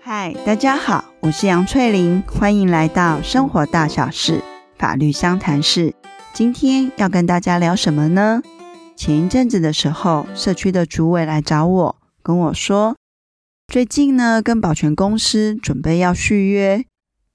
嗨，大家好，我是楊翠玲，歡迎來到生活大小事法律相談室。今天要跟大家聊什麼呢？前一陣子的時候，社區的主委來找我，跟我說，最近呢，跟保全公司準備要續約，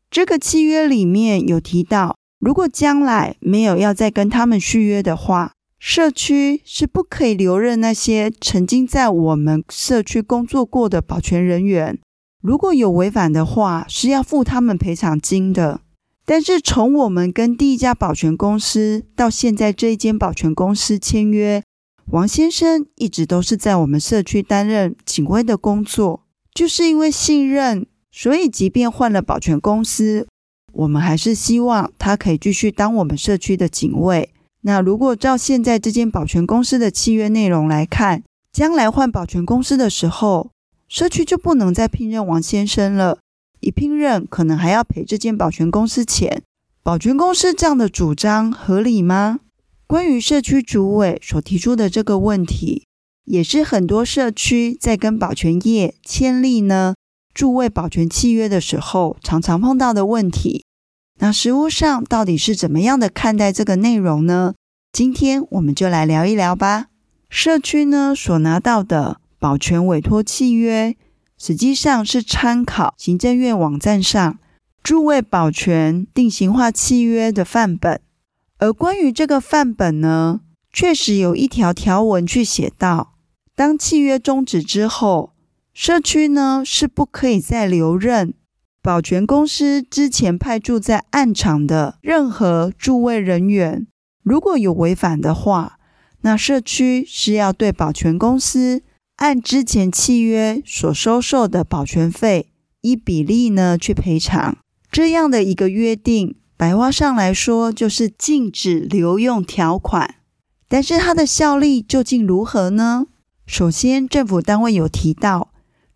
這個契約裡面有提到，如果將來沒有要再跟他們續約的話，社區是不可以留任那些曾經在我們社區工作過的保全人員。如果有違反的話，是要付他們賠償金的。但是從我們跟第一家保全公司到現在這一間保全公司簽約，王先生一直都是在我們社區擔任警衛的工作。就是因為信任，所以即便換了保全公司，我們還是希望他可以繼續當我們社區的警衛。那如果照現在這間保全公司的契約內容來看，將來換保全公司的時候，社區就不能再聘任王先生了，一聘任可能還要賠這間保全公司錢。保全公司這樣的主張合理嗎？關於社區主委所提出的這個問題，也是很多社區在跟保全業簽立呢，駐衛保全契約的時候常常碰到的問題。那實務上到底是怎麼樣的看待這個內容呢？今天我們就來聊一聊吧。社區呢，所拿到的保全委托契約，實際上是參考行政院網站上駐衛保全定型化契約的範本。而關於這個範本呢，確實有一條條文去寫到，當契約終止之後，社區呢是不可以再留任。保全公司之前派駐在案場的任何駐衛人員，如果有違反的話，那社區是要對保全公司按之前契約所收受的保全費依比例呢去賠償。這樣的一個約定，白話上來說就是禁止留用條款。但是它的效力究竟如何呢？首先，政府單位有提到，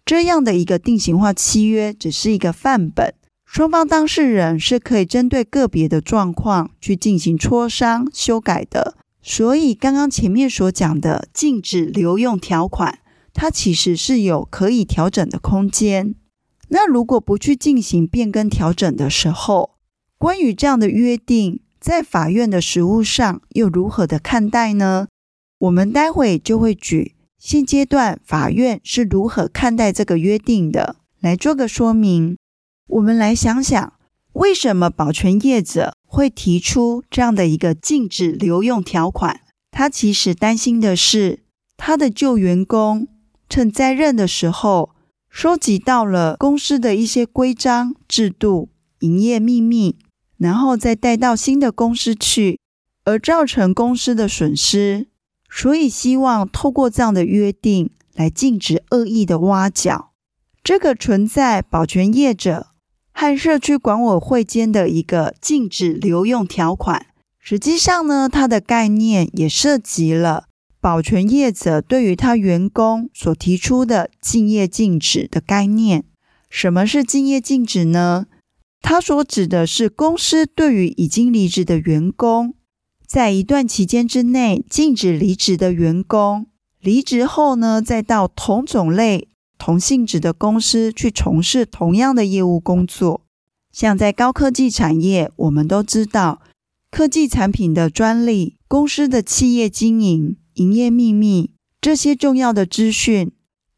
這樣的一個定型化契約只是一個範本，雙方當事人是可以針對個別的狀況去進行磋商修改的。所以，剛剛前面所講的禁止留用條款，它其實是有可以調整的空間。那如果不去進行變更調整的時候，關於這樣的約定，在法院的實務上又如何的看待呢？我們待會就會舉。現階段法院是如何看待這個約定的，來做個說明。我們來想想，為什麼保全業者會提出這樣的一個禁止留用條款。他其實擔心的是，他的舊員工趁在任的時候，收集到了公司的一些規章制度、營業秘密，然後再帶到新的公司去，而造成公司的損失。所以，希望透過這樣的約定來禁止惡意的挖角。這個存在保全業者和社區管委會間的一個禁止留用條款。實際上呢，它的概念也涉及了保全業者對於他員工所提出的競業禁止的概念。什麼是競業禁止呢？它所指的是公司對於已經離職的員工。在一段期間之內，禁止離職的員工離職後呢，再到同種類、同性質的公司去從事同樣的業務工作。像在高科技產業，我們都知道，科技產品的專利、公司的企業經營、營業秘密這些重要的資訊，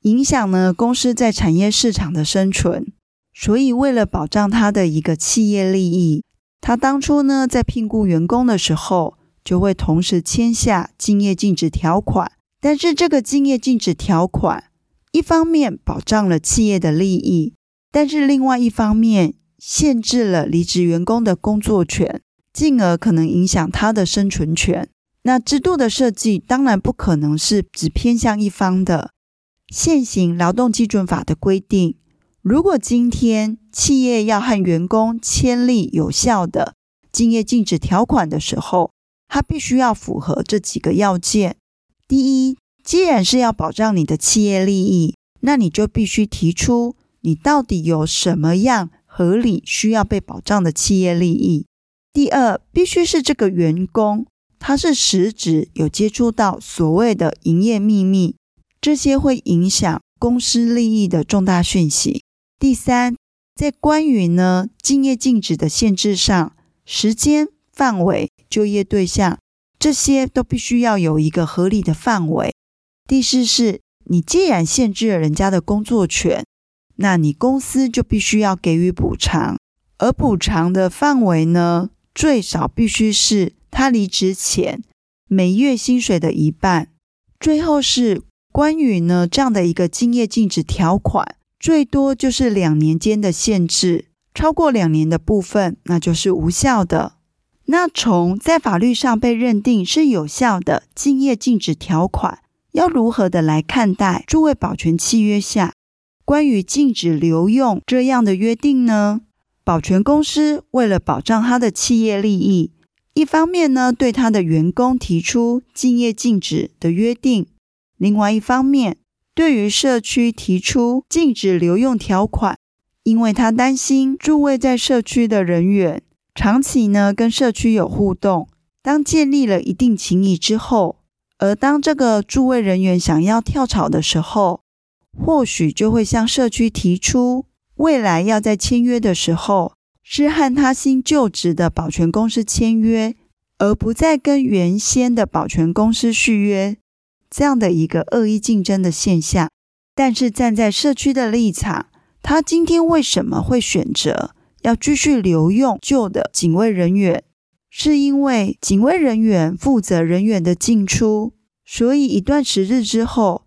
影響呢公司在產業市場的生存。所以，為了保障他的一個企業利益，他當初呢在聘僱員工的時候，就會同時簽下競業禁止條款，但是這個競業禁止條款一方面保障了企業的利益，但是另外一方面限制了離職員工的工作權，進而可能影響他的生存權。那制度的設計當然不可能是只偏向一方的。現行勞動基準法的規定，如果今天企業要和員工簽立有效的競業禁止條款的時候，他必須要符合這幾個要件：第一，既然是要保障你的企業利益，那你就必須提出你到底有什麼樣合理需要被保障的企業利益；第二，必須是這個員工他是實質，有接觸到所謂的營業秘密，這些會影響公司利益的重大訊息；第三，在關於呢競業禁止的限制上，時間、範圍、就業對象這些都必須要有一個合理的範圍。第四是，你既然限制了人家的工作權，那你公司就必須要給予補償，而補償的範圍呢，最少必須是他離職前每月薪水的一半。最後是關於呢這樣的一個競業禁止條款，最多就是兩年間的限制，超過兩年的部分那就是無效的。那從在法律上被認定是有效的競業禁止條款，要如何的來看待駐衛保全契約下關於禁止留用這樣的約定呢？保全公司為了保障他的企業利益，一方面呢對他的員工提出競業禁止的約定，另外一方面對於社區提出禁止留用條款，因為他擔心駐衛在社區的人員。長期呢，跟社區有互動。當建立了一定情誼之後，而當這個駐衛人員想要跳槽的時候，或許就會向社區提出，未來要在簽約的時候是和他新就職的保全公司簽約，而不再跟原先的保全公司續約，這樣的一個惡意競爭的現象。但是站在社區的立場，他今天為什麼會選擇？要繼續留用舊的警衛人員，是因為警衛人員負責人員的進出，所以一段時日之後，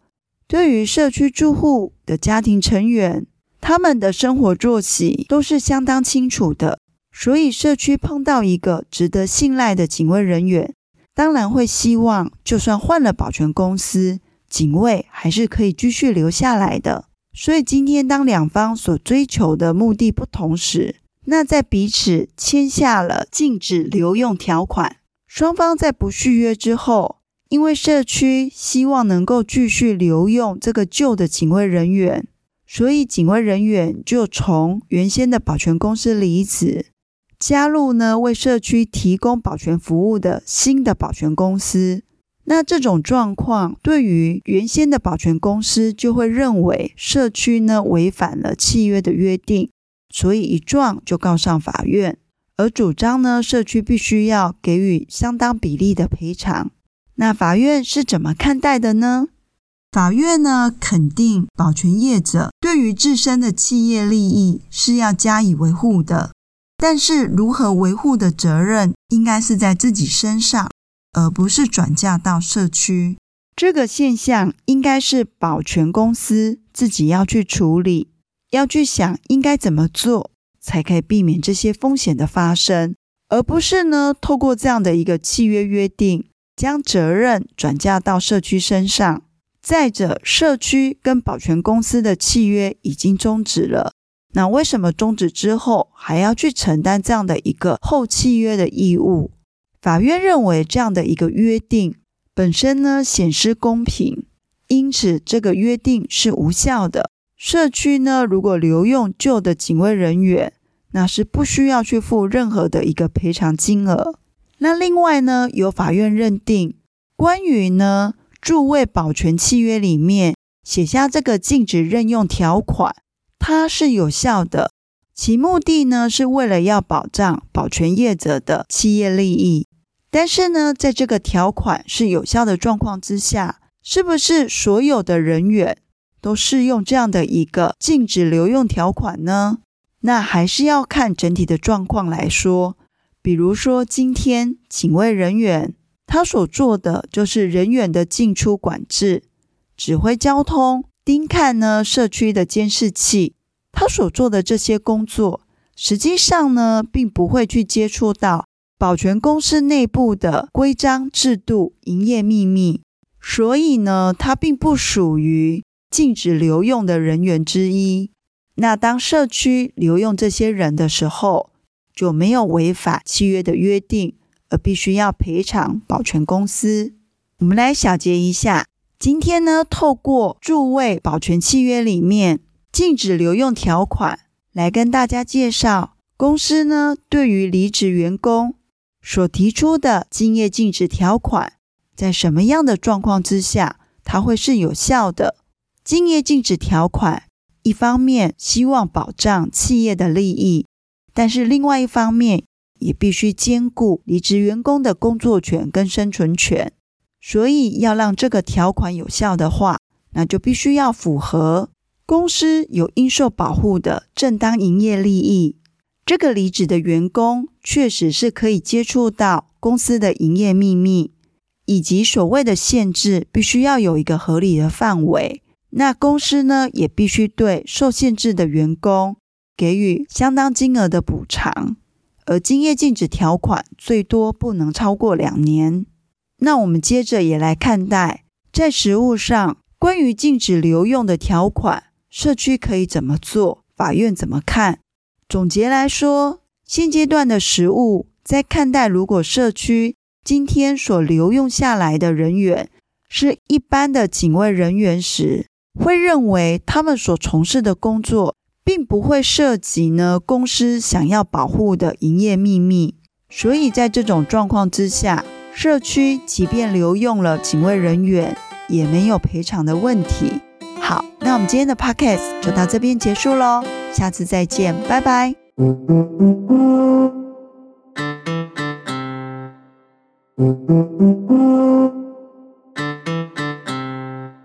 對於社區住戶的家庭成員，他們的生活作息都是相當清楚的。所以社區碰到一個值得信賴的警衛人員，當然會希望就算換了保全公司，警衛還是可以繼續留下來的。所以今天當兩方所追求的目的不同時，那在彼此簽下了禁止留用條款，雙方在不續約之後，因為社區希望能夠繼續留用這個舊的警衛人員，所以警衛人員就從原先的保全公司離職，加入呢為社區提供保全服務的新的保全公司。那這種狀況對於原先的保全公司就會認為社區呢違反了契約的約定。所以一撞就告上法院，而主張呢，社區必須要給予相當比例的賠償。那法院是怎麼看待的呢？法院呢，肯定保全業者對於自身的企業利益是要加以維護的，但是如何維護的責任，應該是在自己身上，而不是轉嫁到社區。這個現象應該是保全公司自己要去處理。要去想，應該怎麼做，才可以避免這些風險的發生，而不是呢透過這樣的一個契約約定，將責任轉嫁到社區身上。再者，社區跟保全公司的契約已經終止了，那為什麼終止之後還要去承擔這樣的一個後契約的義務？法院認為這樣的一個約定本身呢，顯失公平，因此這個約定是無效的。社區呢，如果留用舊的警衛人員，那是不需要去付任何的一個賠償金額。那另外呢，有法院認定，關於呢駐衛保全契約裡面寫下這個禁止任用條款，它是有效的，其目的呢是為了要保障保全業者的企業利益。但是呢，在這個條款是有效的狀況之下，是不是所有的人員？都適用這樣的一個禁止留用條款呢？那還是要看整體的狀況來說。比如說，今天警衛人員他所做的就是人員的進出管制、指揮交通、盯看呢，社區的監視器，他所做的這些工作，實際上呢，並不會去接觸到保全公司內部的規章制度、營業祕密，所以呢，他並不屬於。禁止留用的人員之一。那當社區留用這些人的時候，就沒有違法契約的約定，而必須要賠償保全公司。我們來小結一下，今天呢，透過駐衛保全契約裡面禁止留用條款，來跟大家介紹公司呢對於離職員工所提出的競業禁止條款，在什麼樣的狀況之下，它會是有效的？競業禁止條款，一方面希望保障企業的利益，但是另外一方面也必須兼顧離職員工的工作權跟生存權。所以要讓這個條款有效的話，那就必須要符合公司有應受保護的正當營業利益。這個離職的員工確實是可以接觸到公司的營業秘密，以及所謂的限制，必須要有一個合理的範圍。那公司呢，也必須對受限制的員工給予相當金額的補償，而競業禁止條款最多不能超過兩年。那我們接着也來看待，在實務上，關於禁止留用的條款，社區可以怎麼做？法院怎麼看？總結來說，現階段的實務在看待，如果社區今天所留用下來的人員是一般的警衛人員時，會認為他們所從事的工作並不會涉及呢，公司想要保護的營業秘密，所以在這種狀況之下，社區即便留用了警衛人員，也沒有賠償的問題。好，那我們今天的 Podcast 就到這邊結束嘍，下次再見，拜拜。